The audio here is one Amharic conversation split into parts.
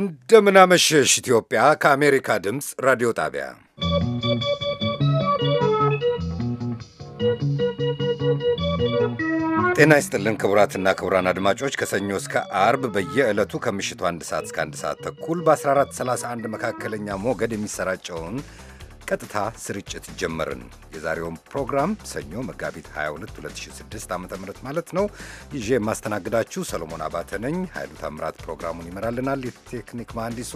እንደምናመሸሽ ኢትዮጵያ ከአሜሪካ ድምፅ ራዲዮ ጣቢያ ጤና ይስጥልን ክቡራትና ክቡራን አድማጮች ከሰኞ እስከ አርብ በየዕለቱ ከምሽቱ አንድ ሰዓት እስከ አንድ ሰዓት ተኩል በ1431 መካከለኛ ሞገድ የሚሰራጨውን ቀጥታ ስርጭት ጀመርን። የዛሬውን ፕሮግራም ሰኞ መጋቢት 22 2006 ዓ ም ማለት ነው ይዤ የማስተናግዳችሁ ሰሎሞን አባተ ነኝ። ኃይሉ ታምራት ፕሮግራሙን ይመራልናል። የቴክኒክ መሐንዲሱ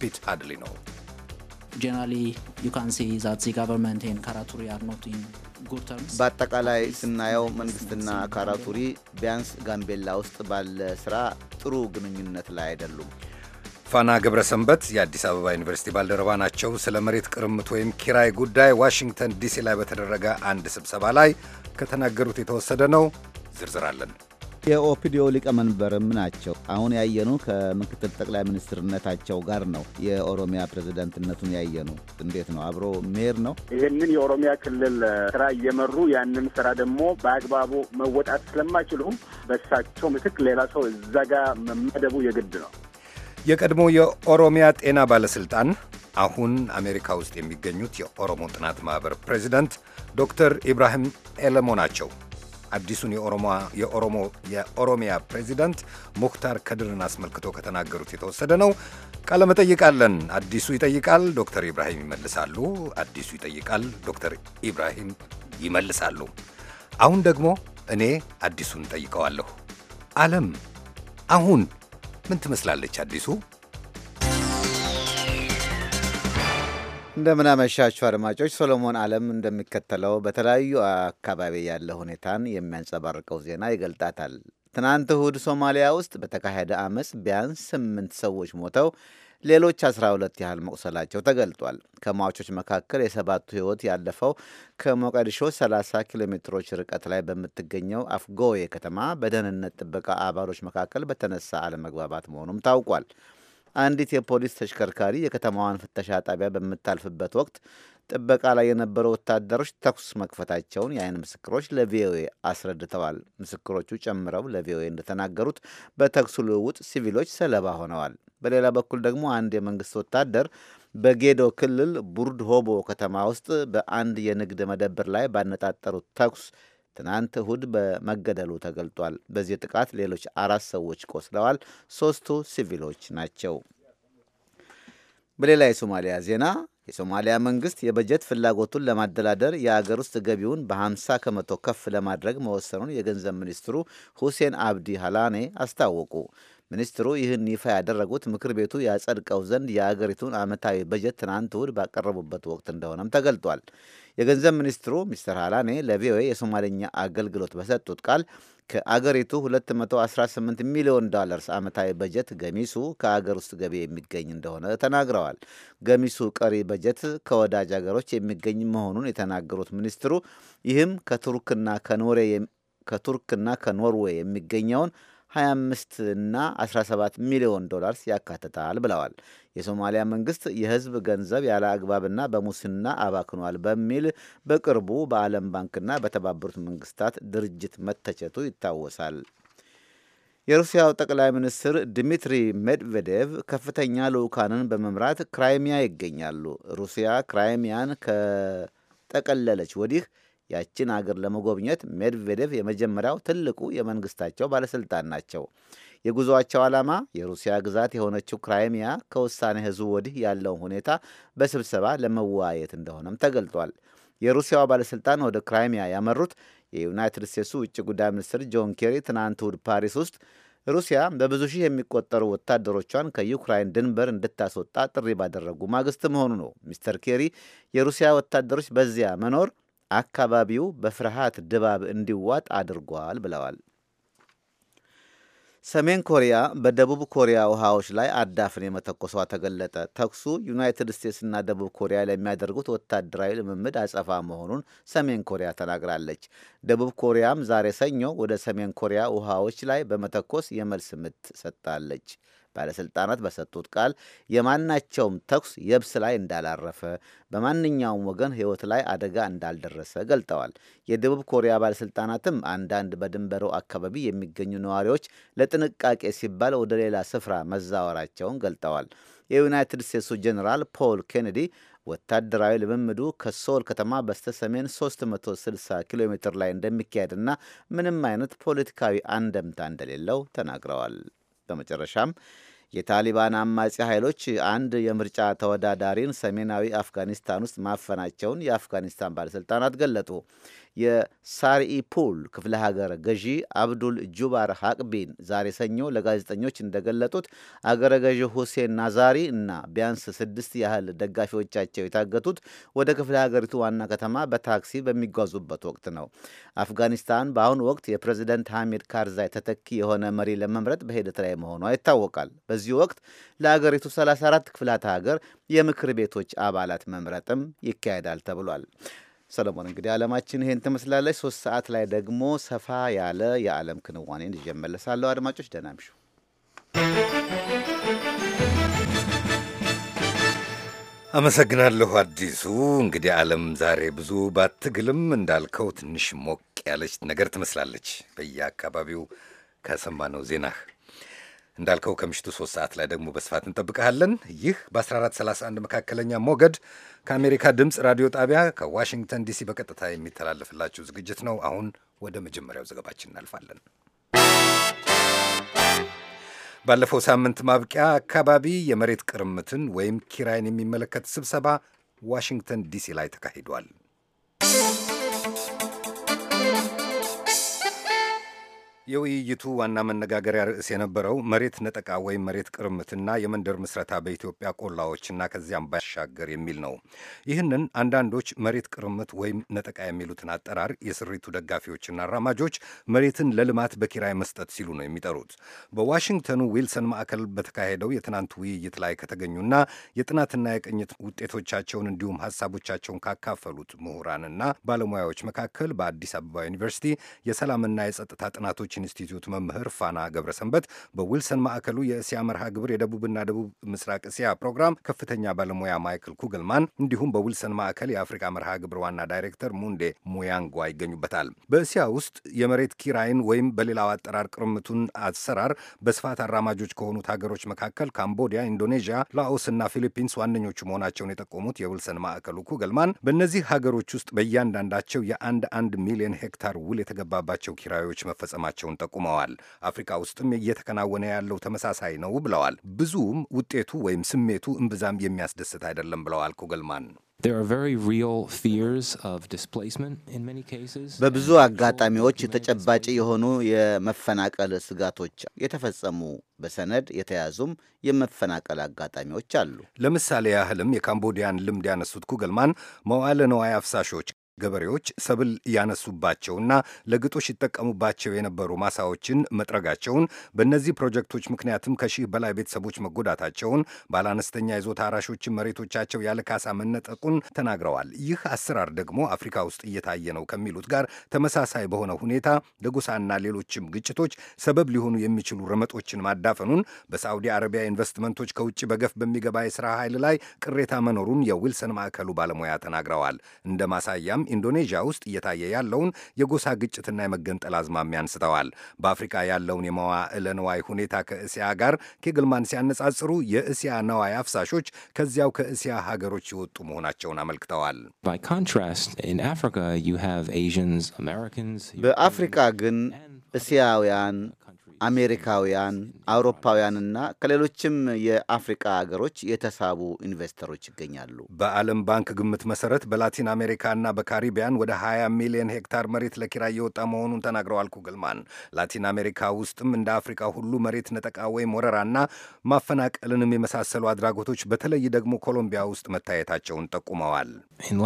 ፒት አድሊ ነው። ጀነራሊ ዩ ካን ሲ ዛት ዚ ጋቨርንመንት ኤንድ ካራቱሪ አር ኖት ኢን ጉድ ተርምስ። በአጠቃላይ ስናየው መንግስትና ካራቱሪ ቢያንስ ጋምቤላ ውስጥ ባለ ስራ ጥሩ ግንኙነት ላይ አይደሉም። ፋና ገብረሰንበት የአዲስ አበባ ዩኒቨርሲቲ ባልደረባ ናቸው። ስለ መሬት ቅርምት ወይም ኪራይ ጉዳይ ዋሽንግተን ዲሲ ላይ በተደረገ አንድ ስብሰባ ላይ ከተናገሩት የተወሰደ ነው። አለን። የኦፒዲዮ ሊቀመንበርም ናቸው። አሁን ያየኑ ከምክትል ጠቅላይ ሚኒስትርነታቸው ጋር ነው። የኦሮሚያ ፕሬዝደንትነቱን ያየኑ እንዴት ነው? አብሮ ሜር ነው። ይህንን የኦሮሚያ ክልል ስራ እየመሩ ያንን ስራ ደግሞ በአግባቡ መወጣት ስለማይችሉ በሳቸው ምትክ ሌላ ሰው እዛ ጋር መመደቡ የግድ ነው። የቀድሞ የኦሮሚያ ጤና ባለሥልጣን አሁን አሜሪካ ውስጥ የሚገኙት የኦሮሞ ጥናት ማኅበር ፕሬዚደንት ዶክተር ኢብራሂም ኤለሞ ናቸው። አዲሱን የኦሮሞ የኦሮሚያ ፕሬዚዳንት ሙክታር ከድርን አስመልክቶ ከተናገሩት የተወሰደ ነው። ቃለ መጠይቃለን። አዲሱ ይጠይቃል፣ ዶክተር ኢብራሂም ይመልሳሉ። አዲሱ ይጠይቃል፣ ዶክተር ኢብራሂም ይመልሳሉ። አሁን ደግሞ እኔ አዲሱን ጠይቀዋለሁ። ዓለም አሁን ምን ትመስላለች? አዲሱ እንደምናመሻችሁ አድማጮች፣ ሶሎሞን አለም እንደሚከተለው በተለያዩ አካባቢ ያለ ሁኔታን የሚያንጸባርቀው ዜና ይገልጣታል። ትናንት እሁድ ሶማሊያ ውስጥ በተካሄደ አመፅ ቢያንስ ስምንት ሰዎች ሞተው ሌሎች 12 ያህል መቁሰላቸው ተገልጧል። ከሟቾች መካከል የሰባቱ ሕይወት ያለፈው ከሞቃዲሾ 30 ኪሎ ሜትሮች ርቀት ላይ በምትገኘው አፍጎዬ ከተማ በደህንነት ጥበቃ አባሎች መካከል በተነሳ አለመግባባት መሆኑም ታውቋል። አንዲት የፖሊስ ተሽከርካሪ የከተማዋን ፍተሻ ጣቢያ በምታልፍበት ወቅት ጥበቃ ላይ የነበሩ ወታደሮች ተኩስ መክፈታቸውን የአይን ምስክሮች ለቪኦኤ አስረድተዋል። ምስክሮቹ ጨምረው ለቪኦኤ እንደተናገሩት በተኩሱ ልውውጥ ሲቪሎች ሰለባ ሆነዋል። በሌላ በኩል ደግሞ አንድ የመንግስት ወታደር በጌዶ ክልል ቡርድ ሆቦ ከተማ ውስጥ በአንድ የንግድ መደብር ላይ ባነጣጠሩት ተኩስ ትናንት እሁድ በመገደሉ ተገልጧል። በዚህ ጥቃት ሌሎች አራት ሰዎች ቆስለዋል። ሶስቱ ሲቪሎች ናቸው። በሌላ የሶማሊያ ዜና የሶማሊያ መንግስት የበጀት ፍላጎቱን ለማደላደር የአገር ውስጥ ገቢውን በ50 ከመቶ ከፍ ለማድረግ መወሰኑን የገንዘብ ሚኒስትሩ ሁሴን አብዲ ሃላኔ አስታወቁ። ሚኒስትሩ ይህን ይፋ ያደረጉት ምክር ቤቱ ያጸድቀው ዘንድ የአገሪቱን ዓመታዊ በጀት ትናንት እሁድ ባቀረቡበት ወቅት እንደሆነም ተገልጧል። የገንዘብ ሚኒስትሩ ሚስተር ሃላኔ ለቪኦኤ የሶማልኛ አገልግሎት በሰጡት ቃል ከአገሪቱ 218 ሚሊዮን ዶላርስ ዓመታዊ በጀት ገሚሱ ከአገር ውስጥ ገቢ የሚገኝ እንደሆነ ተናግረዋል። ገሚሱ ቀሪ በጀት ከወዳጅ አገሮች የሚገኝ መሆኑን የተናገሩት ሚኒስትሩ ይህም ከቱርክና ከኖርዌይ የሚገኘውን 25 እና 17 ሚሊዮን ዶላርስ ያካትታል ብለዋል። የሶማሊያ መንግስት የህዝብ ገንዘብ ያለ አግባብና በሙስና አባክኗል በሚል በቅርቡ በዓለም ባንክና በተባበሩት መንግስታት ድርጅት መተቸቱ ይታወሳል። የሩሲያው ጠቅላይ ሚኒስትር ድሚትሪ ሜድቬዴቭ ከፍተኛ ልዑካንን በመምራት ክራይሚያ ይገኛሉ። ሩሲያ ክራይሚያን ከጠቀለለች ወዲህ ያችን አገር ለመጎብኘት ሜድቬዴቭ የመጀመሪያው ትልቁ የመንግስታቸው ባለስልጣን ናቸው። የጉዞአቸው ዓላማ የሩሲያ ግዛት የሆነችው ክራይሚያ ከውሳኔ ህዝቡ ወዲህ ያለውን ሁኔታ በስብሰባ ለመወያየት እንደሆነም ተገልጧል። የሩሲያው ባለስልጣን ወደ ክራይሚያ ያመሩት የዩናይትድ ስቴትሱ ውጭ ጉዳይ ሚኒስትር ጆን ኬሪ ትናንት እሁድ ፓሪስ ውስጥ ሩሲያ በብዙ ሺህ የሚቆጠሩ ወታደሮቿን ከዩክራይን ድንበር እንድታስወጣ ጥሪ ባደረጉ ማግስት መሆኑ ነው። ሚስተር ኬሪ የሩሲያ ወታደሮች በዚያ መኖር አካባቢው በፍርሃት ድባብ እንዲዋጥ አድርጓል ብለዋል። ሰሜን ኮሪያ በደቡብ ኮሪያ ውሃዎች ላይ አዳፍን የመተኮሷ ተገለጠ። ተኩሱ ዩናይትድ ስቴትስና ደቡብ ኮሪያ ለሚያደርጉት ወታደራዊ ልምምድ አጸፋ መሆኑን ሰሜን ኮሪያ ተናግራለች። ደቡብ ኮሪያም ዛሬ ሰኞ ወደ ሰሜን ኮሪያ ውሃዎች ላይ በመተኮስ የመልስ ምት ሰጥታለች። ባለሥልጣናት በሰጡት ቃል የማናቸውም ተኩስ የብስ ላይ እንዳላረፈ፣ በማንኛውም ወገን ሕይወት ላይ አደጋ እንዳልደረሰ ገልጠዋል። የደቡብ ኮሪያ ባለሥልጣናትም አንዳንድ በድንበሩ አካባቢ የሚገኙ ነዋሪዎች ለጥንቃቄ ሲባል ወደ ሌላ ስፍራ መዛወራቸውን ገልጠዋል። የዩናይትድ ስቴትሱ ጀኔራል ፖል ኬኔዲ ወታደራዊ ልምምዱ ከሶል ከተማ በስተ ሰሜን 360 ኪሎ ሜትር ላይ እንደሚካሄድና ምንም አይነት ፖለቲካዊ አንደምታ እንደሌለው ተናግረዋል። በመጨረሻም የታሊባን አማጺ ኃይሎች አንድ የምርጫ ተወዳዳሪን ሰሜናዊ አፍጋኒስታን ውስጥ ማፈናቸውን የአፍጋኒስታን ባለሥልጣናት ገለጡ። የሳርኢፑል ክፍለ ሀገር ገዢ አብዱል ጁባር ሀቅቢን ዛሬ ሰኞ ለጋዜጠኞች እንደገለጡት አገረ ገዢ ሁሴን ናዛሪ እና ቢያንስ ስድስት ያህል ደጋፊዎቻቸው የታገቱት ወደ ክፍለ ሀገሪቱ ዋና ከተማ በታክሲ በሚጓዙበት ወቅት ነው። አፍጋኒስታን በአሁኑ ወቅት የፕሬዚደንት ሐሚድ ካርዛይ ተተኪ የሆነ መሪ ለመምረጥ በሂደት ላይ መሆኗ ይታወቃል። በዚህ ወቅት ለሀገሪቱ 34 ክፍላት ሀገር የምክር ቤቶች አባላት መምረጥም ይካሄዳል ተብሏል። ሰለሞን እንግዲህ ዓለማችን ይሄን ትመስላለች። ሶስት ሰዓት ላይ ደግሞ ሰፋ ያለ የዓለም ክንዋኔን ይዤ እመለሳለሁ። አድማጮች ደህና አመሰግናለሁ አዲሱ። እንግዲህ ዓለም ዛሬ ብዙ ባትግልም እንዳልከው ትንሽ ሞቅ ያለች ነገር ትመስላለች በየአካባቢው ከሰማነው ዜናህ እንዳልከው ከምሽቱ ሶስት ሰዓት ላይ ደግሞ በስፋት እንጠብቀሃለን። ይህ በ1431 መካከለኛ ሞገድ ከአሜሪካ ድምፅ ራዲዮ ጣቢያ ከዋሽንግተን ዲሲ በቀጥታ የሚተላለፍላችሁ ዝግጅት ነው። አሁን ወደ መጀመሪያው ዘገባችን እናልፋለን። ባለፈው ሳምንት ማብቂያ አካባቢ የመሬት ቅርምትን ወይም ኪራይን የሚመለከት ስብሰባ ዋሽንግተን ዲሲ ላይ ተካሂዷል። የውይይቱ ዋና መነጋገሪያ ርዕስ የነበረው መሬት ነጠቃ ወይም መሬት ቅርምትና የመንደር ምስረታ በኢትዮጵያ ቆላዎችና ከዚያም ባሻገር የሚል ነው። ይህንን አንዳንዶች መሬት ቅርምት ወይም ነጠቃ የሚሉትን አጠራር የስሪቱ ደጋፊዎችና አራማጆች መሬትን ለልማት በኪራይ መስጠት ሲሉ ነው የሚጠሩት። በዋሽንግተኑ ዊልሰን ማዕከል በተካሄደው የትናንት ውይይት ላይ ከተገኙና የጥናትና የቅኝት ውጤቶቻቸውን እንዲሁም ሀሳቦቻቸውን ካካፈሉት ምሁራንና ባለሙያዎች መካከል በአዲስ አበባ ዩኒቨርሲቲ የሰላምና የጸጥታ ጥናቶች ሪሰርች ኢንስቲትዩት መምህር ፋና ገብረሰንበት በዊልሰን ማዕከሉ የእስያ መርሃ ግብር የደቡብና ደቡብ ምስራቅ እስያ ፕሮግራም ከፍተኛ ባለሙያ ማይክል ኩግልማን እንዲሁም በዊልሰን ማዕከል የአፍሪካ መርሃ ግብር ዋና ዳይሬክተር ሙንዴ ሙያንጓ ይገኙበታል። በእስያ ውስጥ የመሬት ኪራይን ወይም በሌላው አጠራር ቅርምቱን አሰራር በስፋት አራማጆች ከሆኑት ሀገሮች መካከል ካምቦዲያ፣ ኢንዶኔዥያ፣ ላኦስ እና ፊሊፒንስ ዋነኞቹ መሆናቸውን የጠቆሙት የዊልሰን ማዕከሉ ኩግልማን በእነዚህ ሀገሮች ውስጥ በእያንዳንዳቸው የአንድ አንድ ሚሊዮን ሄክታር ውል የተገባባቸው ኪራዮች መፈጸማቸው መሆናቸውን ጠቁመዋል። አፍሪካ ውስጥም እየተከናወነ ያለው ተመሳሳይ ነው ብለዋል። ብዙም ውጤቱ ወይም ስሜቱ እምብዛም የሚያስደስት አይደለም ብለዋል ኩግልማን። በብዙ አጋጣሚዎች ተጨባጭ የሆኑ የመፈናቀል ስጋቶች የተፈጸሙ በሰነድ የተያዙም የመፈናቀል አጋጣሚዎች አሉ። ለምሳሌ ያህልም የካምቦዲያን ልምድ ያነሱት ኩገልማን መዋለ ነዋይ አፍሳሾች ገበሬዎች ሰብል ያነሱባቸውና ለግጦሽ ይጠቀሙባቸው የነበሩ ማሳዎችን መጥረጋቸውን በእነዚህ ፕሮጀክቶች ምክንያትም ከሺህ በላይ ቤተሰቦች መጎዳታቸውን ባለአነስተኛ ይዞታ አራሾችን መሬቶቻቸው ያለ ካሳ መነጠቁን ተናግረዋል። ይህ አሰራር ደግሞ አፍሪካ ውስጥ እየታየ ነው ከሚሉት ጋር ተመሳሳይ በሆነ ሁኔታ ለጎሳና ሌሎችም ግጭቶች ሰበብ ሊሆኑ የሚችሉ ረመጦችን ማዳፈኑን፣ በሳዑዲ አረቢያ ኢንቨስትመንቶች ከውጭ በገፍ በሚገባ የስራ ኃይል ላይ ቅሬታ መኖሩን የዊልሰን ማዕከሉ ባለሙያ ተናግረዋል። እንደ ማሳያም በተለይም ኢንዶኔዥያ ውስጥ እየታየ ያለውን የጎሳ ግጭትና የመገንጠል አዝማሚያ አንስተዋል። በአፍሪካ ያለውን የመዋዕለ ነዋይ ሁኔታ ከእስያ ጋር ኬግልማን ሲያነጻጽሩ የእስያ ነዋይ አፍሳሾች ከዚያው ከእስያ ሀገሮች የወጡ መሆናቸውን አመልክተዋል። በአፍሪካ ግን እስያውያን አሜሪካውያን፣ አውሮፓውያንና ከሌሎችም የአፍሪካ አገሮች የተሳቡ ኢንቨስተሮች ይገኛሉ። በዓለም ባንክ ግምት መሰረት በላቲን አሜሪካና በካሪቢያን ወደ 20 ሚሊዮን ሄክታር መሬት ለኪራይ የወጣ መሆኑን ተናግረዋል ኩግልማን። ላቲን አሜሪካ ውስጥም እንደ አፍሪካ ሁሉ መሬት ነጠቃ ወይም ወረራና ማፈናቀልንም የመሳሰሉ አድራጎቶች በተለይ ደግሞ ኮሎምቢያ ውስጥ መታየታቸውን ጠቁመዋል። In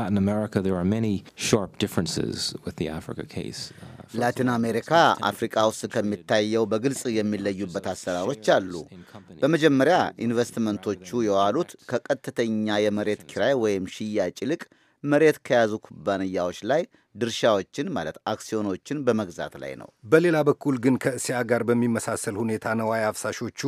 ላቲን አሜሪካ አፍሪቃ ውስጥ ከሚታየው በግልጽ የሚለዩበት አሰራሮች አሉ። በመጀመሪያ ኢንቨስትመንቶቹ የዋሉት ከቀጥተኛ የመሬት ኪራይ ወይም ሽያጭ ይልቅ መሬት ከያዙ ኩባንያዎች ላይ ድርሻዎችን ማለት አክሲዮኖችን በመግዛት ላይ ነው። በሌላ በኩል ግን ከእስያ ጋር በሚመሳሰል ሁኔታ ነዋይ አፍሳሾቹ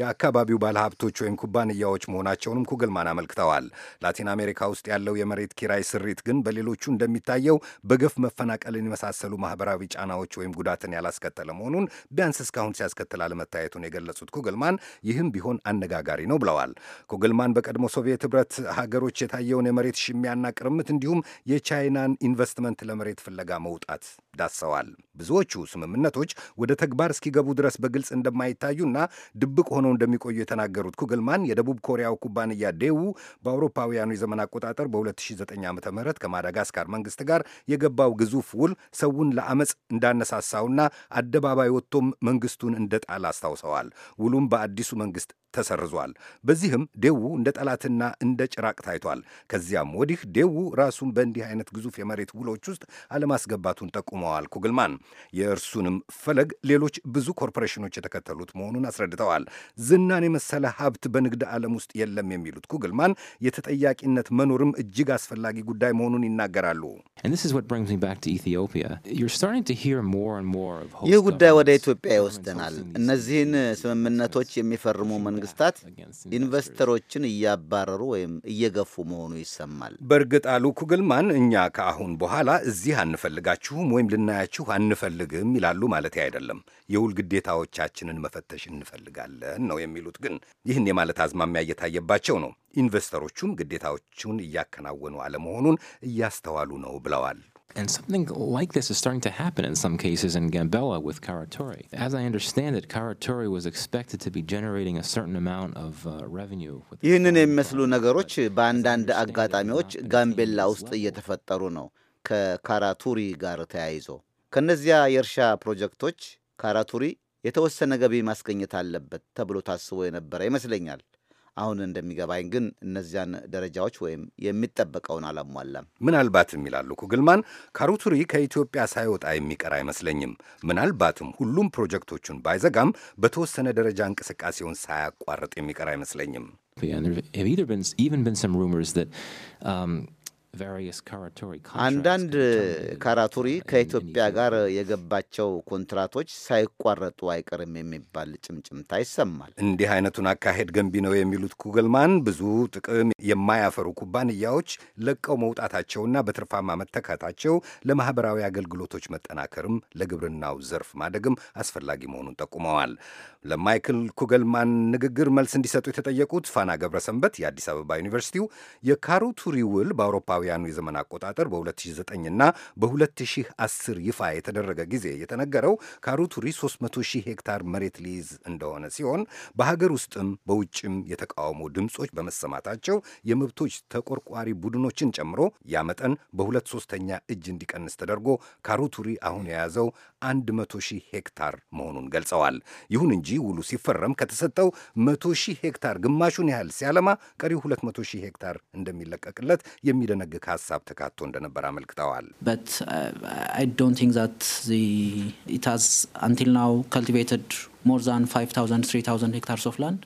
የአካባቢው ባለሀብቶች ወይም ኩባንያዎች መሆናቸውንም ኩግልማን አመልክተዋል። ላቲን አሜሪካ ውስጥ ያለው የመሬት ኪራይ ስሪት ግን በሌሎቹ እንደሚታየው በገፍ መፈናቀልን የመሳሰሉ ማህበራዊ ጫናዎች ወይም ጉዳትን ያላስከተለ መሆኑን ቢያንስ እስካሁን ሲያስከትል አለመታየቱን የገለጹት ኩግልማን ይህም ቢሆን አነጋጋሪ ነው ብለዋል። ኩግልማን በቀድሞ ሶቪየት ህብረት ሀገሮች የታየውን የመሬት ሽሚያና ቅርምት እንዲሁም የቻይናን ኢንቨስትመንት ለመሬት ፍለጋ መውጣት ዳሰዋል። ብዙዎቹ ስምምነቶች ወደ ተግባር እስኪገቡ ድረስ በግልጽ እንደማይታዩና ድብቅ ሆነው እንደሚቆዩ የተናገሩት ኩግልማን የደቡብ ኮሪያው ኩባንያ ዴው በአውሮፓውያኑ የዘመን አቆጣጠር በ2009 ዓ ም ከማዳጋስካር መንግስት ጋር የገባው ግዙፍ ውል ሰውን ለአመፅ እንዳነሳሳውና አደባባይ ወጥቶም መንግስቱን እንደጣል አስታውሰዋል። ውሉም በአዲሱ መንግስት ተሰርዟል። በዚህም ዴው እንደ ጠላትና እንደ ጭራቅ ታይቷል። ከዚያም ወዲህ ደዉ ራሱን በእንዲህ አይነት ግዙፍ የመሬት ውሎች ውስጥ አለማስገባቱን ጠቁመዋል። ኩግልማን የእርሱንም ፈለግ ሌሎች ብዙ ኮርፖሬሽኖች የተከተሉት መሆኑን አስረድተዋል። ዝናን የመሰለ ሀብት በንግድ ዓለም ውስጥ የለም የሚሉት ኩግልማን የተጠያቂነት መኖርም እጅግ አስፈላጊ ጉዳይ መሆኑን ይናገራሉ። ይህ ጉዳይ ወደ ኢትዮጵያ ይወስደናል። እነዚህን ስምምነቶች የሚፈርሙ መንግስት መንግስታት ኢንቨስተሮችን እያባረሩ ወይም እየገፉ መሆኑ ይሰማል። በእርግጥ አሉ ኩግልማን፣ እኛ ከአሁን በኋላ እዚህ አንፈልጋችሁም ወይም ልናያችሁ አንፈልግም ይላሉ ማለት አይደለም። የውል ግዴታዎቻችንን መፈተሽ እንፈልጋለን ነው የሚሉት። ግን ይህን የማለት አዝማሚያ እየታየባቸው ነው። ኢንቨስተሮቹም ግዴታዎቹን እያከናወኑ አለመሆኑን እያስተዋሉ ነው ብለዋል። And something like this is starting to happen in some cases in Gambella with Karatori. As I understand it, Karatori was expected to be generating a certain amount of uh, revenue. ይህንን የሚመስሉ ነገሮች በአንዳንድ አጋጣሚዎች ጋምቤላ ውስጥ እየተፈጠሩ ነው። ከካራቱሪ ጋር ተያይዞ ከእነዚያ የእርሻ ፕሮጀክቶች ካራቱሪ የተወሰነ ገቢ ማስገኘት አለበት ተብሎ ታስቦ የነበረ ይመስለኛል። አሁን እንደሚገባኝ ግን እነዚያን ደረጃዎች ወይም የሚጠበቀውን አላሟላም። ምናልባትም ይላሉ ኩግልማን፣ ካሩቱሪ ከኢትዮጵያ ሳይወጣ የሚቀር አይመስለኝም። ምናልባትም ሁሉም ፕሮጀክቶቹን ባይዘጋም በተወሰነ ደረጃ እንቅስቃሴውን ሳያቋርጥ የሚቀር አይመስለኝም። አንዳንድ ካራቱሪ uh, ከኢትዮጵያ ጋር የገባቸው ኮንትራቶች ሳይቋረጡ አይቀርም የሚባል ጭምጭምታ ይሰማል። እንዲህ አይነቱን አካሄድ ገንቢ ነው የሚሉት ኩገልማን ብዙ ጥቅም የማያፈሩ ኩባንያዎች ለቀው መውጣታቸውና በትርፋማ መተካታቸው ለማህበራዊ አገልግሎቶች መጠናከርም ለግብርናው ዘርፍ ማደግም አስፈላጊ መሆኑን ጠቁመዋል። ለማይክል ኩገልማን ንግግር መልስ እንዲሰጡ የተጠየቁት ፋና ገብረሰንበት የአዲስ አበባ ዩኒቨርሲቲው የካሩቱሪ ውል በአውሮፓዊ አውሮፓውያኑ የዘመን አቆጣጠር በ2009 እና በ2010 ይፋ የተደረገ ጊዜ የተነገረው ካሩቱሪ 300 ሺህ ሄክታር መሬት ሊይዝ እንደሆነ ሲሆን በሀገር ውስጥም በውጭም የተቃውሞ ድምፆች በመሰማታቸው የመብቶች ተቆርቋሪ ቡድኖችን ጨምሮ ያ መጠን በሁለት ሶስተኛ እጅ እንዲቀንስ ተደርጎ ካሩቱሪ አሁን የያዘው 100 ሺህ ሄክታር መሆኑን ገልጸዋል። ይሁን እንጂ ውሉ ሲፈረም ከተሰጠው 100 ሺህ ሄክታር ግማሹን ያህል ሲያለማ ቀሪው 200 ሺህ ሄክታር እንደሚለቀቅለት የሚደነግግ ሀሳብ ተካቶ እንደነበር አመልክተዋል። ሞር ዛን 5000 3000 ሄክታርስ ኦፍ ላንድ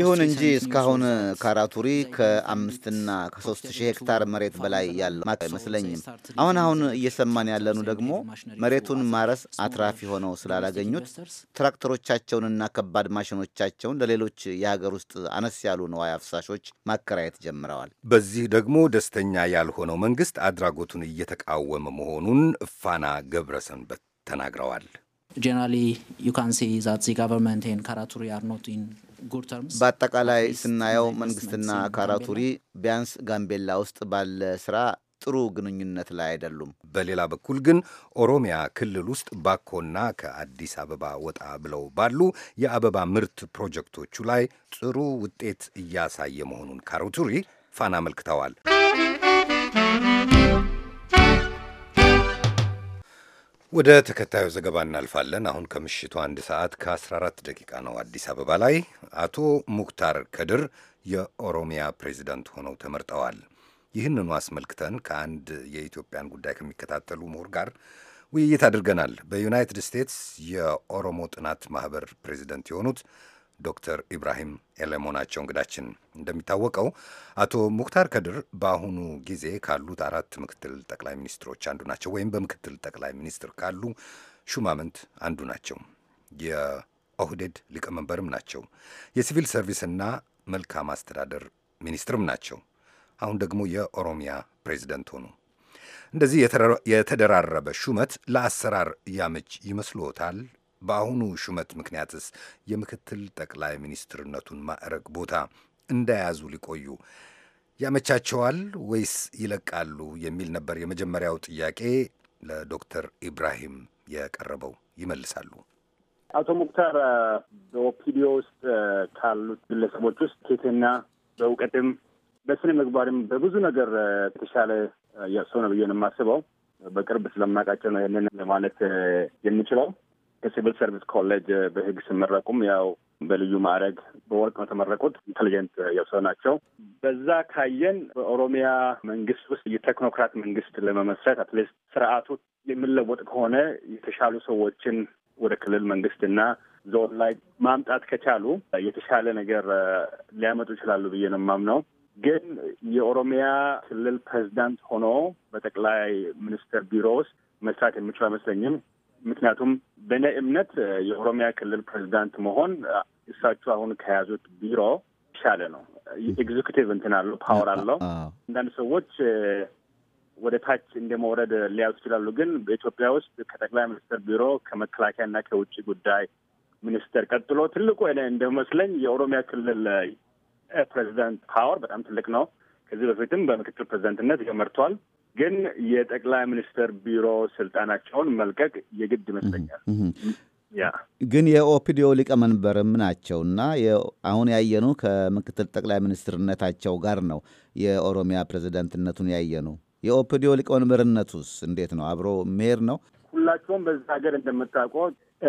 ይሁን እንጂ እስካሁን ካራቱሪ ከአምስትና ከሶስት ሺህ ሄክታር መሬት በላይ ያለ አይመስለኝም። አሁን አሁን እየሰማን ያለኑ ደግሞ መሬቱን ማረስ አትራፊ ሆነው ስላላገኙት ትራክተሮቻቸውንና ከባድ ማሽኖቻቸውን ለሌሎች የሀገር ውስጥ አነስ ያሉ ነዋይ አፍሳሾች ማከራየት ጀምረዋል። በዚህ ደግሞ ደስተኛ ያልሆነው መንግስት አድራጎቱን እየተቃወመ መሆኑን እፋና ገብረሰንበት ተናግረዋል። በአጠቃላይ ስናየው መንግስትና ካራቱሪ ቢያንስ ጋምቤላ ውስጥ ባለ ስራ ጥሩ ግንኙነት ላይ አይደሉም። በሌላ በኩል ግን ኦሮሚያ ክልል ውስጥ ባኮና ከአዲስ አበባ ወጣ ብለው ባሉ የአበባ ምርት ፕሮጀክቶቹ ላይ ጥሩ ውጤት እያሳየ መሆኑን ካራቱሪ ፋና አመልክተዋል። ወደ ተከታዩ ዘገባ እናልፋለን። አሁን ከምሽቱ አንድ ሰዓት ከ14 ደቂቃ ነው አዲስ አበባ ላይ። አቶ ሙክታር ከድር የኦሮሚያ ፕሬዚደንት ሆነው ተመርጠዋል። ይህንኑ አስመልክተን ከአንድ የኢትዮጵያን ጉዳይ ከሚከታተሉ ምሁር ጋር ውይይት አድርገናል። በዩናይትድ ስቴትስ የኦሮሞ ጥናት ማህበር ፕሬዚደንት የሆኑት ዶክተር ኢብራሂም ኤሌሞ ናቸው እንግዳችን። እንደሚታወቀው አቶ ሙክታር ከድር በአሁኑ ጊዜ ካሉት አራት ምክትል ጠቅላይ ሚኒስትሮች አንዱ ናቸው፣ ወይም በምክትል ጠቅላይ ሚኒስትር ካሉ ሹማምንት አንዱ ናቸው። የኦህዴድ ሊቀመንበርም ናቸው። የሲቪል ሰርቪስና መልካም አስተዳደር ሚኒስትርም ናቸው። አሁን ደግሞ የኦሮሚያ ፕሬዚደንት ሆኑ። እንደዚህ የተደራረበ ሹመት ለአሰራር ያመች ይመስልዎታል? በአሁኑ ሹመት ምክንያትስ የምክትል ጠቅላይ ሚኒስትርነቱን ማዕረግ ቦታ እንደያዙ ሊቆዩ ያመቻቸዋል ወይስ ይለቃሉ የሚል ነበር የመጀመሪያው ጥያቄ ለዶክተር ኢብራሂም የቀረበው። ይመልሳሉ። አቶ ሙክታር በኦፒዲዮ ውስጥ ካሉት ግለሰቦች ውስጥ ኬትና በእውቀትም በስነ ምግባርም በብዙ ነገር የተሻለ ሰው ነው ብዬ ነው የማስበው። በቅርብ ስለማውቃቸው ነው ይህንን ለማለት የምችለው። ከሲቪል ሰርቪስ ኮሌጅ በህግ ስመረቁም ያው በልዩ ማዕረግ በወርቅ ነው የተመረቁት። ኢንቴሊጀንት የሰው ናቸው። በዛ ካየን በኦሮሚያ መንግስት ውስጥ የቴክኖክራት መንግስት ለመመስረት አትሊስት ስርዓቱ የሚለወጥ ከሆነ የተሻሉ ሰዎችን ወደ ክልል መንግስትና ዞን ላይ ማምጣት ከቻሉ የተሻለ ነገር ሊያመጡ ይችላሉ ብዬ ነው የማምነው። ግን የኦሮሚያ ክልል ፕሬዚዳንት ሆኖ በጠቅላይ ሚኒስትር ቢሮ ውስጥ መስራት የሚችሉ አይመስለኝም። ምክንያቱም በእኔ እምነት የኦሮሚያ ክልል ፕሬዚዳንት መሆን እሳቸው አሁን ከያዙት ቢሮ ይሻለ ነው። ኤግዚኪቲቭ እንትን አለው፣ ፓወር አለው። አንዳንድ ሰዎች ወደ ታች እንደመውረድ ሊያዙ ይችላሉ። ግን በኢትዮጵያ ውስጥ ከጠቅላይ ሚኒስትር ቢሮ ከመከላከያና ከውጭ ጉዳይ ሚኒስቴር ቀጥሎ ትልቁ ነ እንደሚመስለኝ የኦሮሚያ ክልል ፕሬዚዳንት ፓወር በጣም ትልቅ ነው። ከዚህ በፊትም በምክትል ፕሬዚዳንትነት መርቷል። ግን የጠቅላይ ሚኒስትር ቢሮ ስልጣናቸውን መልቀቅ የግድ ይመስለኛል። ግን የኦፒዲዮ ሊቀመንበርም ናቸው እና አሁን ያየኑ ከምክትል ጠቅላይ ሚኒስትርነታቸው ጋር ነው የኦሮሚያ ፕሬዚደንትነቱን ያየኑ። የኦፒዲዮ ሊቀመንበርነቱስ እንዴት ነው? አብሮ መሄድ ነው። ሁላቸውም በዛ ሀገር እንደምታውቀው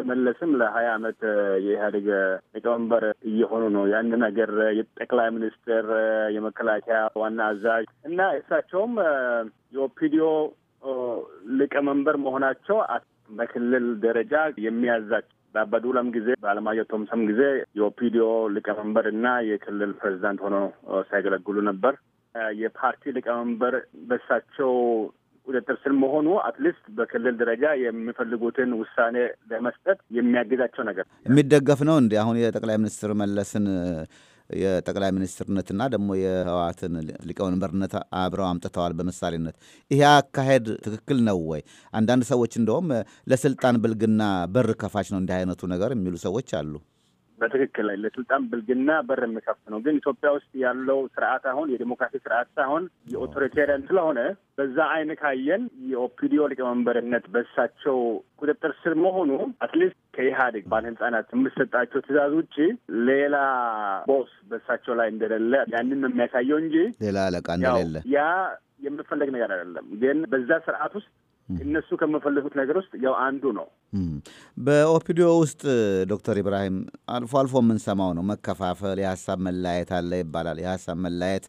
መለስም ለሀያ አመት የኢህአዴግ ሊቀመንበር እየሆኑ ነው። ያን ነገር የጠቅላይ ሚኒስትር፣ የመከላከያ ዋና አዛዥ እና እሳቸውም የኦፒዲዮ ሊቀመንበር መሆናቸው በክልል ደረጃ የሚያዛቸው በአባዱላም ጊዜ በአለማየሁ ቶምሰም ጊዜ የኦፒዲዮ ሊቀመንበር እና የክልል ፕሬዚዳንት ሆኖ ሲያገለግሉ ነበር። የፓርቲ ሊቀመንበር በሳቸው ቁጥጥር ስር መሆኑ አትሊስት በክልል ደረጃ የሚፈልጉትን ውሳኔ ለመስጠት የሚያግዛቸው ነገር የሚደገፍ ነው። እንዲ አሁን የጠቅላይ ሚኒስትር መለስን የጠቅላይ ሚኒስትርነትና ደግሞ የህወሓትን ሊቀመንበርነት አብረው አምጥተዋል በምሳሌነት። ይሄ አካሄድ ትክክል ነው ወይ? አንዳንድ ሰዎች እንደውም ለስልጣን ብልግና በር ከፋች ነው እንዲህ አይነቱ ነገር የሚሉ ሰዎች አሉ። በትክክል ለስልጣን ብልግና በር የሚከፍት ነው። ግን ኢትዮጵያ ውስጥ ያለው ስርዓት አሁን የዲሞክራሲ ስርዓት ሳይሆን የኦቶሪቴሪያን ስለሆነ በዛ አይን ካየን የኦፒዲዮ ሊቀመንበርነት በሳቸው ቁጥጥር ስር መሆኑ አትሊስት ከኢህአዴግ ባለ የምሰጣቸው ትእዛዝ ውጭ ሌላ ቦስ በሳቸው ላይ እንደሌለ ያንን ነው የሚያሳየው እንጂ ሌላ አለቃ እንደሌለ ያ የምፈለግ ነገር አይደለም። ግን በዛ ስርዓት ውስጥ እነሱ ከመፈለጉት ነገር ውስጥ ያው አንዱ ነው። በኦፒዲዮ ውስጥ ዶክተር ኢብራሂም አልፎ አልፎ የምንሰማው ነው መከፋፈል፣ የሀሳብ መለያየት አለ ይባላል። የሀሳብ መለያየት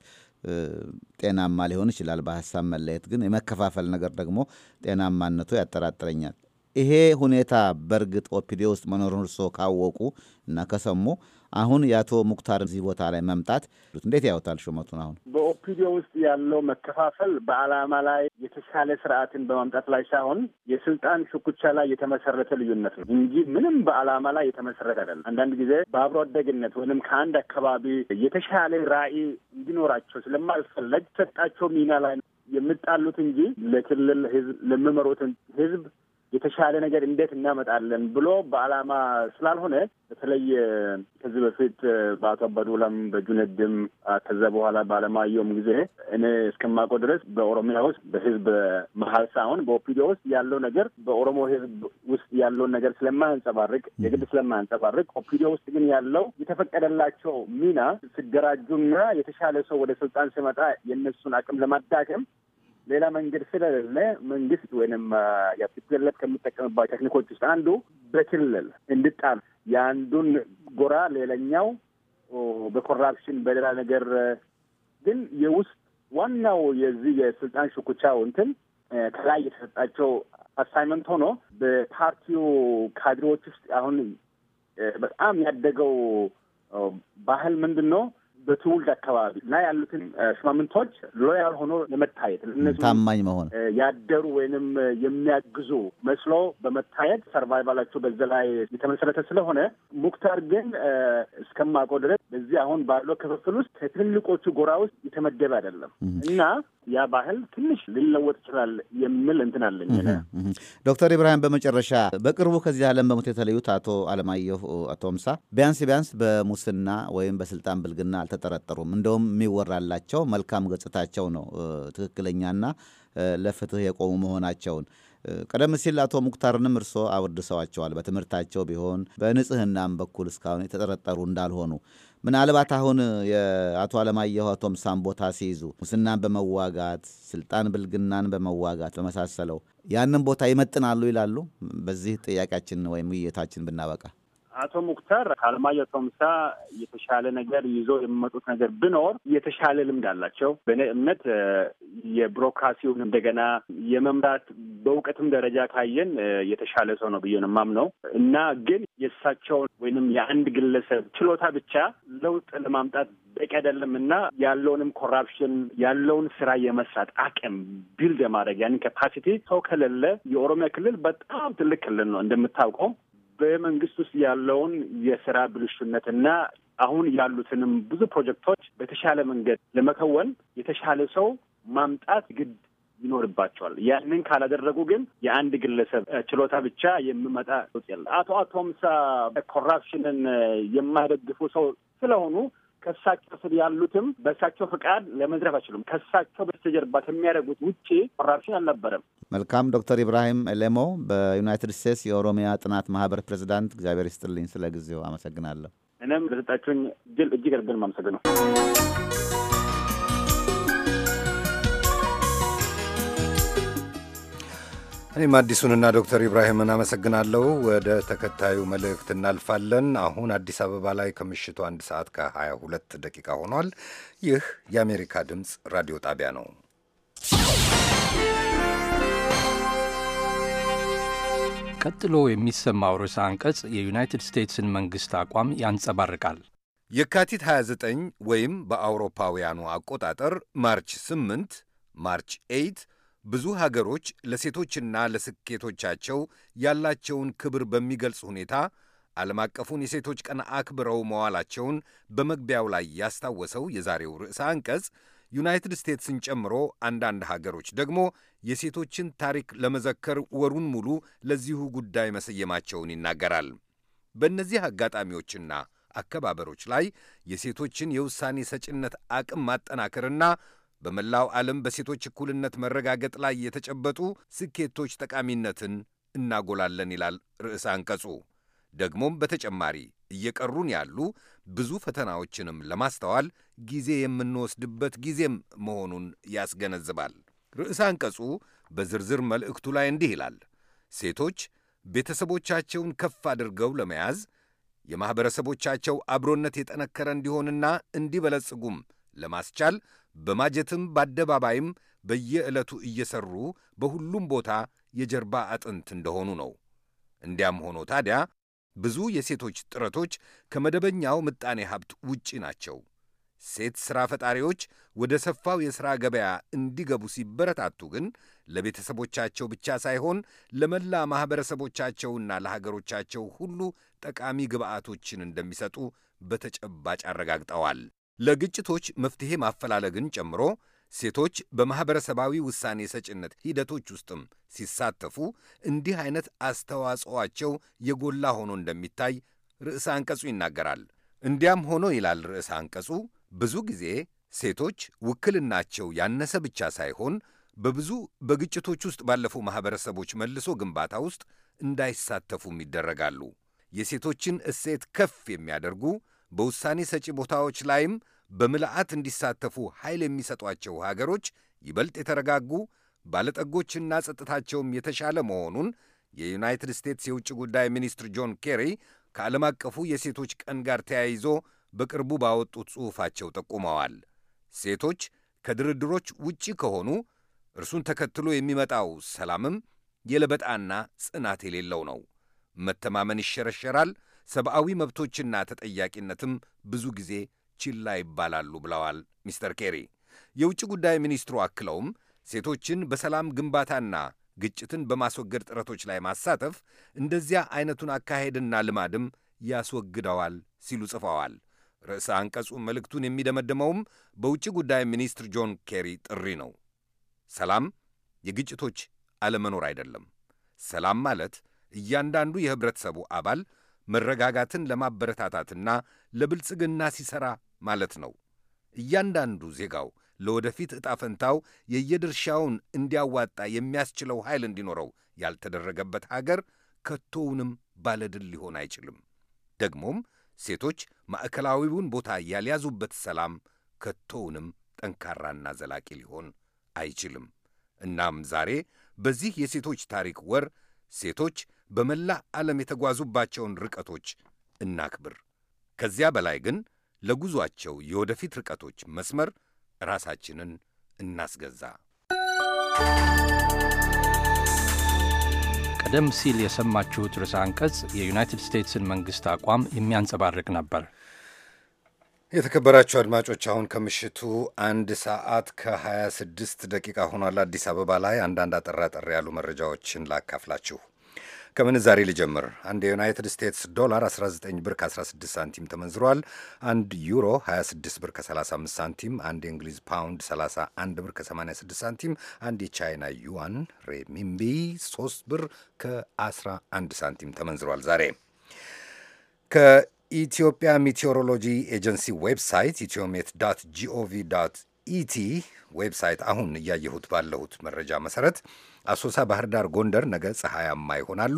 ጤናማ ሊሆን ይችላል። በሀሳብ መለየት ግን የመከፋፈል ነገር ደግሞ ጤናማነቱ ያጠራጥረኛል። ይሄ ሁኔታ በእርግጥ ኦፒዲዮ ውስጥ መኖሩን እርስዎ ካወቁ እና ከሰሙ አሁን የአቶ ሙክታር እዚህ ቦታ ላይ መምጣት እንዴት ያወታል ሹመቱን? አሁን በኦፒዲዮ ውስጥ ያለው መከፋፈል በዓላማ ላይ የተሻለ ስርዓትን በማምጣት ላይ ሳይሆን የስልጣን ሽኩቻ ላይ የተመሰረተ ልዩነት ነው እንጂ ምንም በዓላማ ላይ የተመሰረተ አይደለም። አንዳንድ ጊዜ በአብሮ አደግነት ወይም ከአንድ አካባቢ የተሻለ ራዕይ እንዲኖራቸው ስለማልፈለግ ሰጣቸው ሚና ላይ የምጣሉት እንጂ ለክልል ህዝብ ለሚመሩትን ህዝብ የተሻለ ነገር እንዴት እናመጣለን ብሎ በዓላማ ስላልሆነ በተለይ ከዚህ በፊት በአቶ አባዱላም በጁነድም ከዛ በኋላ ባለማየውም ጊዜ እኔ እስከማውቀው ድረስ በኦሮሚያ ውስጥ በህዝብ መሀል ሳይሆን በኦፒዲዮ ውስጥ ያለው ነገር በኦሮሞ ህዝብ ውስጥ ያለውን ነገር ስለማያንጸባርቅ የግድ ስለማያንጸባርቅ ኦፒዲዮ ውስጥ ግን ያለው የተፈቀደላቸው ሚና ሲደራጁና የተሻለ ሰው ወደ ስልጣን ሲመጣ የእነሱን አቅም ለማዳከም ሌላ መንገድ ስለሌለ መንግስት ወይም ገለጽ ከምጠቀምባቸው ቴክኒኮች ውስጥ አንዱ በክልል እንድጣል የአንዱን ጎራ ሌላኛው በኮራፕሽን በሌላ ነገር ግን የውስጥ ዋናው የዚህ የስልጣን ሽኩቻው እንትን ከላይ የተሰጣቸው አሳይመንት ሆኖ በፓርቲው ካድሬዎች ውስጥ አሁን በጣም ያደገው ባህል ምንድን ነው? በትውልድ አካባቢ እና ያሉትን ሽማምንቶች ሎያል ሆኖ ለመታየት ታማኝ መሆን ያደሩ ወይንም የሚያግዙ መስሎ በመታየት ሰርቫይቫላቸው በዛ ላይ የተመሰረተ ስለሆነ ሙክታር ግን እስከማውቀው ድረስ በዚህ አሁን ባለው ክፍፍል ውስጥ ከትልልቆቹ ጎራ ውስጥ የተመደበ አይደለም እና ያ ባህል ትንሽ ሊለወጥ ይችላል የሚል እንትን አለኝ። ዶክተር ኢብራሂም በመጨረሻ በቅርቡ ከዚህ ዓለም በሞት የተለዩት አቶ አለማየሁ አቶ ቢያንስ ቢያንስ በሙስና ወይም በስልጣን ብልግና አልተጠረጠሩም። እንደውም የሚወራላቸው መልካም ገጽታቸው ነው ትክክለኛና ለፍትህ የቆሙ መሆናቸውን ቀደም ሲል አቶ ሙክታርንም እርስዎ አወድሰዋቸዋል። በትምህርታቸው ቢሆን በንጽህናም በኩል እስካሁን የተጠረጠሩ እንዳልሆኑ ምናልባት አሁን የአቶ አለማየሁ አቶ ምሳን ቦታ ሲይዙ ሙስናን በመዋጋት ስልጣን ብልግናን በመዋጋት በመሳሰለው ያንን ቦታ ይመጥናሉ ይላሉ። በዚህ ጥያቄያችን ወይም ውይይታችን ብናበቃ አቶ ሙክተር ከአለማየሁ ቶምሳ የተሻለ ነገር ይዞ የሚመጡት ነገር ቢኖር የተሻለ ልምድ አላቸው። በእኔ እምነት የቢሮክራሲውን እንደገና የመምራት በእውቀትም ደረጃ ካየን የተሻለ ሰው ነው ብዬ ነው የማምነው እና ግን የእሳቸውን ወይንም የአንድ ግለሰብ ችሎታ ብቻ ለውጥ ለማምጣት በቂ አይደለም እና ያለውንም ኮራፕሽን ያለውን ስራ የመስራት አቅም ቢልድ የማድረግ ያን ካፓሲቲ ሰው ከሌለ የኦሮሚያ ክልል በጣም ትልቅ ክልል ነው እንደምታውቀው በመንግስት ውስጥ ያለውን የስራ ብልሹነትና አሁን ያሉትንም ብዙ ፕሮጀክቶች በተሻለ መንገድ ለመከወን የተሻለ ሰው ማምጣት ግድ ይኖርባቸዋል። ያንን ካላደረጉ ግን የአንድ ግለሰብ ችሎታ ብቻ የሚመጣ ለውጥ የለም። አቶ አቶምሳ ኮራፕሽንን የማይደግፉ ሰው ስለሆኑ ከእሳቸው ስር ያሉትም በእሳቸው ፈቃድ ለመዝረፍ አይችሉም። ከእሳቸው በስተጀርባ ከሚያደርጉት ውጭ ኮራፕሽን አልነበረም። መልካም ዶክተር ኢብራሂም ሌሞ በዩናይትድ ስቴትስ የኦሮሚያ ጥናት ማህበር ፕሬዚዳንት፣ እግዚአብሔር ይስጥልኝ። ስለ ጊዜው አመሰግናለሁ። እኔም ለሰጣችሁኝ እጅግ አድርገን ማመሰግነው እኔም አዲሱንና ዶክተር ኢብራሂምን አመሰግናለሁ። ወደ ተከታዩ መልእክት እናልፋለን። አሁን አዲስ አበባ ላይ ከምሽቱ አንድ ሰዓት ከ22 ደቂቃ ሆኗል። ይህ የአሜሪካ ድምፅ ራዲዮ ጣቢያ ነው። ቀጥሎ የሚሰማው ርዕሰ አንቀጽ የዩናይትድ ስቴትስን መንግሥት አቋም ያንጸባርቃል። የካቲት 29 ወይም በአውሮፓውያኑ አቆጣጠር ማርች 8 ማርች 8 ብዙ ሀገሮች ለሴቶችና ለስኬቶቻቸው ያላቸውን ክብር በሚገልጽ ሁኔታ ዓለም አቀፉን የሴቶች ቀን አክብረው መዋላቸውን በመግቢያው ላይ ያስታወሰው የዛሬው ርዕሰ አንቀጽ ዩናይትድ ስቴትስን ጨምሮ አንዳንድ ሀገሮች ደግሞ የሴቶችን ታሪክ ለመዘከር ወሩን ሙሉ ለዚሁ ጉዳይ መሰየማቸውን ይናገራል። በእነዚህ አጋጣሚዎችና አከባበሮች ላይ የሴቶችን የውሳኔ ሰጭነት አቅም ማጠናከርና በመላው ዓለም በሴቶች እኩልነት መረጋገጥ ላይ የተጨበጡ ስኬቶች ጠቃሚነትን እናጎላለን ይላል ርዕስ አንቀጹ። ደግሞም በተጨማሪ እየቀሩን ያሉ ብዙ ፈተናዎችንም ለማስተዋል ጊዜ የምንወስድበት ጊዜም መሆኑን ያስገነዝባል። ርዕስ አንቀጹ በዝርዝር መልእክቱ ላይ እንዲህ ይላል። ሴቶች ቤተሰቦቻቸውን ከፍ አድርገው ለመያዝ የማኅበረሰቦቻቸው አብሮነት የጠነከረ እንዲሆንና እንዲበለጽጉም ለማስቻል በማጀትም በአደባባይም በየዕለቱ እየሠሩ በሁሉም ቦታ የጀርባ አጥንት እንደሆኑ ነው። እንዲያም ሆኖ ታዲያ ብዙ የሴቶች ጥረቶች ከመደበኛው ምጣኔ ሀብት ውጪ ናቸው። ሴት ሥራ ፈጣሪዎች ወደ ሰፋው የሥራ ገበያ እንዲገቡ ሲበረታቱ ግን ለቤተሰቦቻቸው ብቻ ሳይሆን ለመላ ማኅበረሰቦቻቸውና ለሀገሮቻቸው ሁሉ ጠቃሚ ግብዓቶችን እንደሚሰጡ በተጨባጭ አረጋግጠዋል። ለግጭቶች መፍትሄ ማፈላለግን ጨምሮ ሴቶች በማኅበረሰባዊ ውሳኔ ሰጭነት ሂደቶች ውስጥም ሲሳተፉ እንዲህ አይነት አስተዋጽኦአቸው የጎላ ሆኖ እንደሚታይ ርዕሰ አንቀጹ ይናገራል። እንዲያም ሆኖ ይላል ርዕሰ አንቀጹ፣ ብዙ ጊዜ ሴቶች ውክልናቸው ያነሰ ብቻ ሳይሆን በብዙ በግጭቶች ውስጥ ባለፉ ማኅበረሰቦች መልሶ ግንባታ ውስጥ እንዳይሳተፉም ይደረጋሉ። የሴቶችን እሴት ከፍ የሚያደርጉ በውሳኔ ሰጪ ቦታዎች ላይም በምልአት እንዲሳተፉ ኃይል የሚሰጧቸው ሀገሮች ይበልጥ የተረጋጉ ባለጠጎችና ጸጥታቸውም የተሻለ መሆኑን የዩናይትድ ስቴትስ የውጭ ጉዳይ ሚኒስትር ጆን ኬሪ ከዓለም አቀፉ የሴቶች ቀን ጋር ተያይዞ በቅርቡ ባወጡት ጽሑፋቸው ጠቁመዋል። ሴቶች ከድርድሮች ውጪ ከሆኑ እርሱን ተከትሎ የሚመጣው ሰላምም የለበጣና ጽናት የሌለው ነው። መተማመን ይሸረሸራል። ሰብአዊ መብቶችና ተጠያቂነትም ብዙ ጊዜ ችላ ይባላሉ ብለዋል ሚስተር ኬሪ። የውጭ ጉዳይ ሚኒስትሩ አክለውም ሴቶችን በሰላም ግንባታና ግጭትን በማስወገድ ጥረቶች ላይ ማሳተፍ እንደዚያ አይነቱን አካሄድና ልማድም ያስወግደዋል ሲሉ ጽፈዋል። ርዕሰ አንቀጹ መልእክቱን የሚደመድመውም በውጭ ጉዳይ ሚኒስትር ጆን ኬሪ ጥሪ ነው። ሰላም የግጭቶች አለመኖር አይደለም። ሰላም ማለት እያንዳንዱ የህብረተሰቡ አባል መረጋጋትን ለማበረታታትና ለብልጽግና ሲሠራ ማለት ነው። እያንዳንዱ ዜጋው ለወደፊት ዕጣ ፈንታው የየድርሻውን እንዲያዋጣ የሚያስችለው ኃይል እንዲኖረው ያልተደረገበት አገር ከቶውንም ባለድል ሊሆን አይችልም። ደግሞም ሴቶች ማዕከላዊውን ቦታ ያልያዙበት ሰላም ከቶውንም ጠንካራና ዘላቂ ሊሆን አይችልም። እናም ዛሬ በዚህ የሴቶች ታሪክ ወር ሴቶች በመላ ዓለም የተጓዙባቸውን ርቀቶች እናክብር። ከዚያ በላይ ግን ለጉዟቸው የወደፊት ርቀቶች መስመር ራሳችንን እናስገዛ። ቀደም ሲል የሰማችሁት ርዕሰ አንቀጽ የዩናይትድ ስቴትስን መንግሥት አቋም የሚያንጸባርቅ ነበር። የተከበራችሁ አድማጮች አሁን ከምሽቱ አንድ ሰዓት ከ26 ደቂቃ ሆኗል። አዲስ አበባ ላይ አንዳንድ አጠራጠር ያሉ መረጃዎችን ላካፍላችሁ። ከምንዛሬ ልጀምር። አንድ የዩናይትድ ስቴትስ ዶላር 19 ብር ከ16 ሳንቲም ተመንዝሯል። አንድ ዩሮ 26 ብር ከ35 ሳንቲም፣ አንድ የእንግሊዝ ፓውንድ 31 ብር ከ86 ሳንቲም፣ አንድ የቻይና ዩዋን ሬሚንቢ 3 ብር ከ11 ሳንቲም ተመንዝሯል። ዛሬ ከኢትዮጵያ ሚቴዎሮሎጂ ኤጀንሲ ዌብሳይት ኢትዮሜት ዳት ጂኦቪ ዳት ኢቲ ዌብሳይት አሁን እያየሁት ባለሁት መረጃ መሰረት አሶሳ፣ ባህር ዳር፣ ጎንደር ነገ ፀሐያማ ይሆናሉ።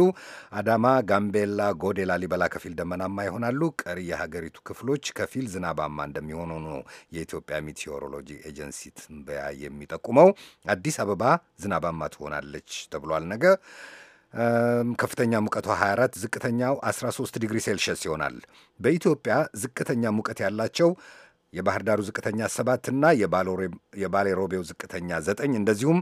አዳማ፣ ጋምቤላ፣ ጎዴ፣ ላሊበላ ከፊል ደመናማ ይሆናሉ። ቀሪ የሀገሪቱ ክፍሎች ከፊል ዝናባማ እንደሚሆኑ ነው የኢትዮጵያ ሚቴዎሮሎጂ ኤጀንሲ ትንበያ የሚጠቁመው። አዲስ አበባ ዝናባማ ትሆናለች ተብሏል። ነገ ከፍተኛ ሙቀቷ 24፣ ዝቅተኛው 13 ዲግሪ ሴልሽየስ ይሆናል። በኢትዮጵያ ዝቅተኛ ሙቀት ያላቸው የባህር ዳሩ ዝቅተኛ 7 እና የባሌ ሮቤው ዝቅተኛ 9 እንደዚሁም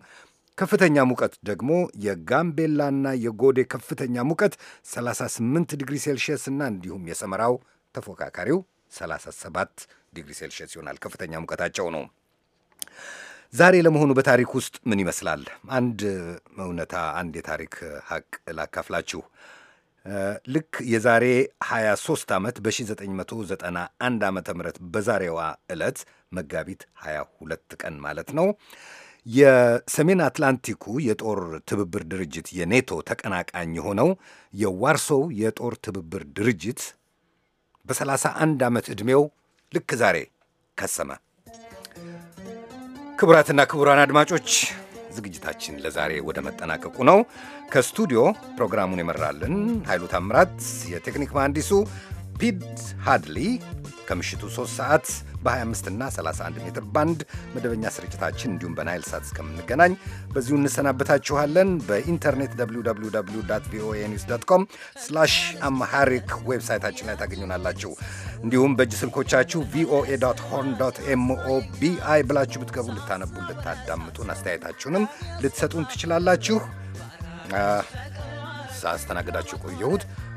ከፍተኛ ሙቀት ደግሞ የጋምቤላና የጎዴ ከፍተኛ ሙቀት 38 ዲግሪ ሴልሺየስ እና እንዲሁም የሰመራው ተፎካካሪው 37 ዲግሪ ሴልሺየስ ይሆናል። ከፍተኛ ሙቀታቸው ነው። ዛሬ ለመሆኑ በታሪክ ውስጥ ምን ይመስላል? አንድ እውነታ፣ አንድ የታሪክ ሀቅ ላካፍላችሁ። ልክ የዛሬ 23 ዓመት በ1991 ዓ ም በዛሬዋ ዕለት መጋቢት 22 ቀን ማለት ነው የሰሜን አትላንቲኩ የጦር ትብብር ድርጅት የኔቶ ተቀናቃኝ የሆነው የዋርሶው የጦር ትብብር ድርጅት በ31 ዓመት ዕድሜው ልክ ዛሬ ከሰመ። ክቡራትና ክቡራን አድማጮች ዝግጅታችን ለዛሬ ወደ መጠናቀቁ ነው። ከስቱዲዮ ፕሮግራሙን የመራልን ኃይሉ ታምራት፣ የቴክኒክ መሐንዲሱ ፒድ ሃድሊ ከምሽቱ 3 ሰዓት በ25 እና 31 ሜትር ባንድ መደበኛ ስርጭታችን እንዲሁም በናይል ሳት እስከምንገናኝ በዚሁ እንሰናበታችኋለን። በኢንተርኔት www ቪኦኤ ኒውስ ዶት ኮም ስላሽ አምሃሪክ ዌብሳይታችን ላይ ታገኙናላችሁ። እንዲሁም በእጅ ስልኮቻችሁ ቪኦኤ ዶት ሆርን ዶት ቢአይ ብላችሁ ብትገቡ ልታነቡ፣ ልታዳምጡን አስተያየታችሁንም ልትሰጡን ትችላላችሁ። ሳስተናግዳችሁ ቆየሁት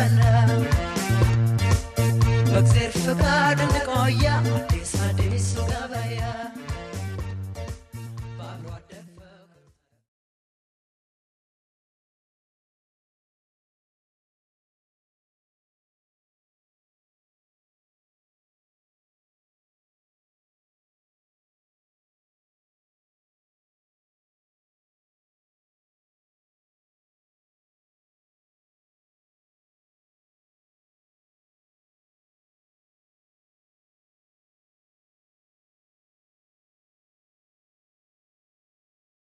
open up.